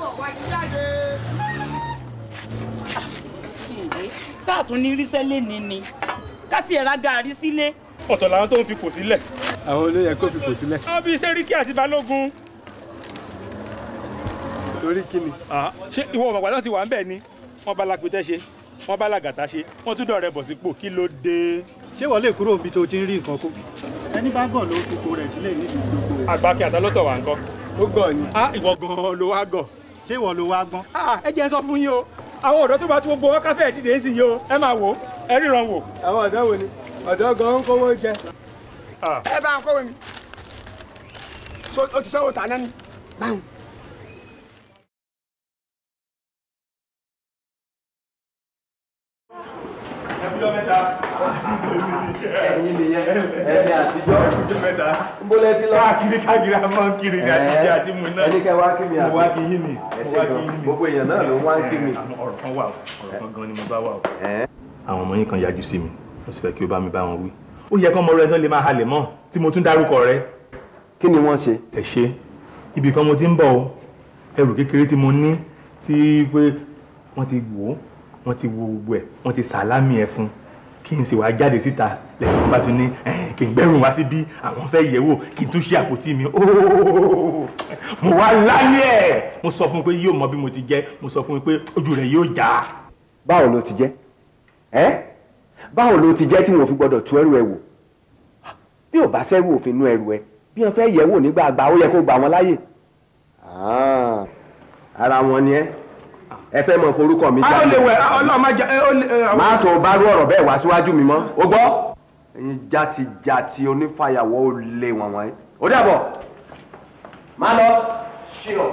bọ̀ wá ní jáde. Ah, sáà tún ní ríṣẹ́ lé ní ni ká tiẹ̀ ra gàárì sílé. ọ̀tọ̀ làwọn tó ń fipò sílẹ̀. àwọn olóyè kò fipò sílẹ̀. wọ́n bí sẹ́ríkì àti balógun. torí kí ni. Ah, ṣé ìwọ ọ̀bàgbà náà ti wà ń bẹ̀ ni wọ́n bá lápẹ́tẹ́ ṣe wọ́n bá làgàtà ṣe wọ́n tún dọ̀rẹ́ bọ̀ sípò kí ló dé. ṣé wọ́n lè kúrò níbi tó ti ń rí nǹkan kó. ẹni bá gàn ló fipò rẹ̀ sílẹ̀ nídìí gbogbo rẹ̀. àgbà kí wà ń kọ́. ó gàn ni. á ah, ìwọ gan-an ló wá gàn ṣé ìwọ ló wá gbọ́n. ẹ jẹ́ sọ fún yín o àwọn ọ̀dọ́ tó bá tún gbowó káfẹ́ ìdílé sí yìí o ẹ máa wò ó ẹ ríran wò. àwọn ọ̀dọ́ wo ni ọ̀dọ́ gan-an ń kówó jẹ. ẹ bá ń kówó mi o ti sanwó tà náà ni báwọn. ẹ bí lọ mẹ́ta ẹ̀yin nìyẹn ẹni àtijọ́ ń bọ́lẹ̀ ti lọ. káàkiri káàkiri a máa ń kiri ní àtijọ́ àti mu náà. ẹni kẹ́ wá kí mi àbí. mo wá kí yín mi. ẹ ṣe gan gbogbo èèyàn náà ló ń wá kí mi. ọ̀rọ̀ kan wà ọ̀rọ̀ kan gan ni mo bá wà o. àwọn ọmọ yín kan yájú sí mi mo sì fẹ́ kí o bá mi bá wọn wí. ó yẹ kọ́ ọmọ rẹ tán lè máa halẹ̀ mọ́ tí mo tún dárúkọ rẹ. kí ni wọ́n ṣe. ẹ ṣe ibì kan mo ti ń bọ̀ o ẹrù kékeré tí mo ní tí pé wọ́n ti wò ó wọ́n ti wo gbogbo ẹ̀ wọ́n ti sàlámì ẹ̀ fún un kí n sì wá jáde síta lẹ́yìn bá tún ní kí n gbẹ́rùn wá síbí àwọn fẹ́ yẹ̀wò kí n tún ṣe àpótí mi mo wá láyé ẹ̀ mo sọ fún pé yóò mọ bí mo ti jẹ́ mo sọ fún pé ojú rẹ̀ yóò já. báwo ló ti jẹ́ ẹ́ báwo ló ti jẹ́ tí mo fi gbọ́dọ̀ tú ẹrù ẹ wò bí ò bá sẹ́rù òfin nú ẹrù ẹ bí wọ́n fẹ́ yẹ̀wò nígbà àgbà ó yẹ kó gbà wọ́n láyè. Ah, ara wọn ni ẹ́ ẹ fẹ́ mọ forúkọ mi jáde. a ó lè wẹ̀ ọlọ́run má jẹ ó lè. má tó bá rú ọ̀rọ̀ bẹ́ẹ̀ wá síwájú mi mọ́ o gbọ́. ẹ̀yin játijàti onífàyàwọ́ ò lè wọ̀n wọ̀nyí. ó dàbọ̀ má lọ ṣírọ̀.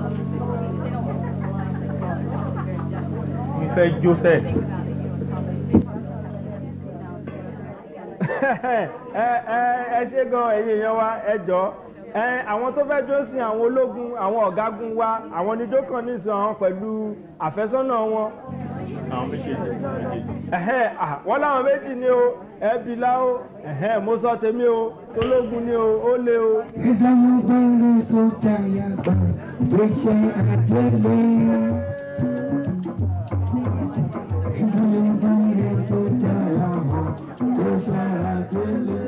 mi fẹ́ Joseph. ẹ ẹ ẹ ṣe gan ẹ̀yin èèyàn wa ẹ jọ ẹ àwọn tó fẹ́ jó sí àwọn ológun àwọn ọ̀gágun wa àwọn oníjókòó nìsọ̀ àwọn pẹ̀lú àfẹ́sọ́nà wọn wọ́n láwọn méjì ni o ẹbí la o mo sọ tèmi o tológun ni o ó lé o. ìdáwó bá rí sójà yàgbà tó ṣe àjẹlé. ìdáwó bá rí sójà yàgbà tó ṣe àjẹlé.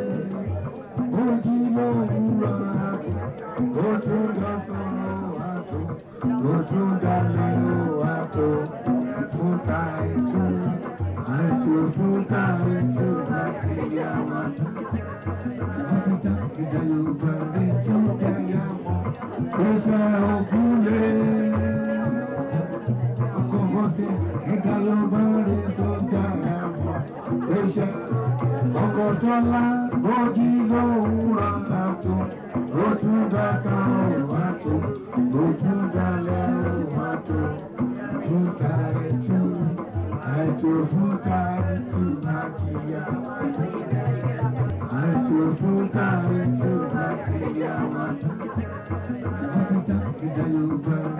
ojú ló wúra ó tún dá sọ́rọ̀ wá tó ó tún dá lẹ́rọ̀ wá fún táyé tó àìtó fún táyé tó láti yá wa. Àbísà ìdá Yorùbá mi tó dáyà mọ́. Ó ṣe òkúlé. Ọkọ̀ bọ́ sí ìdá Yorùbá mi tó dáyà mọ́. Ó ṣe ọkọ̀ tọ́lá bójú lówùrọ̀ Àjòfúnkárì tí bá ti yá. Àjòfúnkárì tí bá ti ya ajofunkari ti ba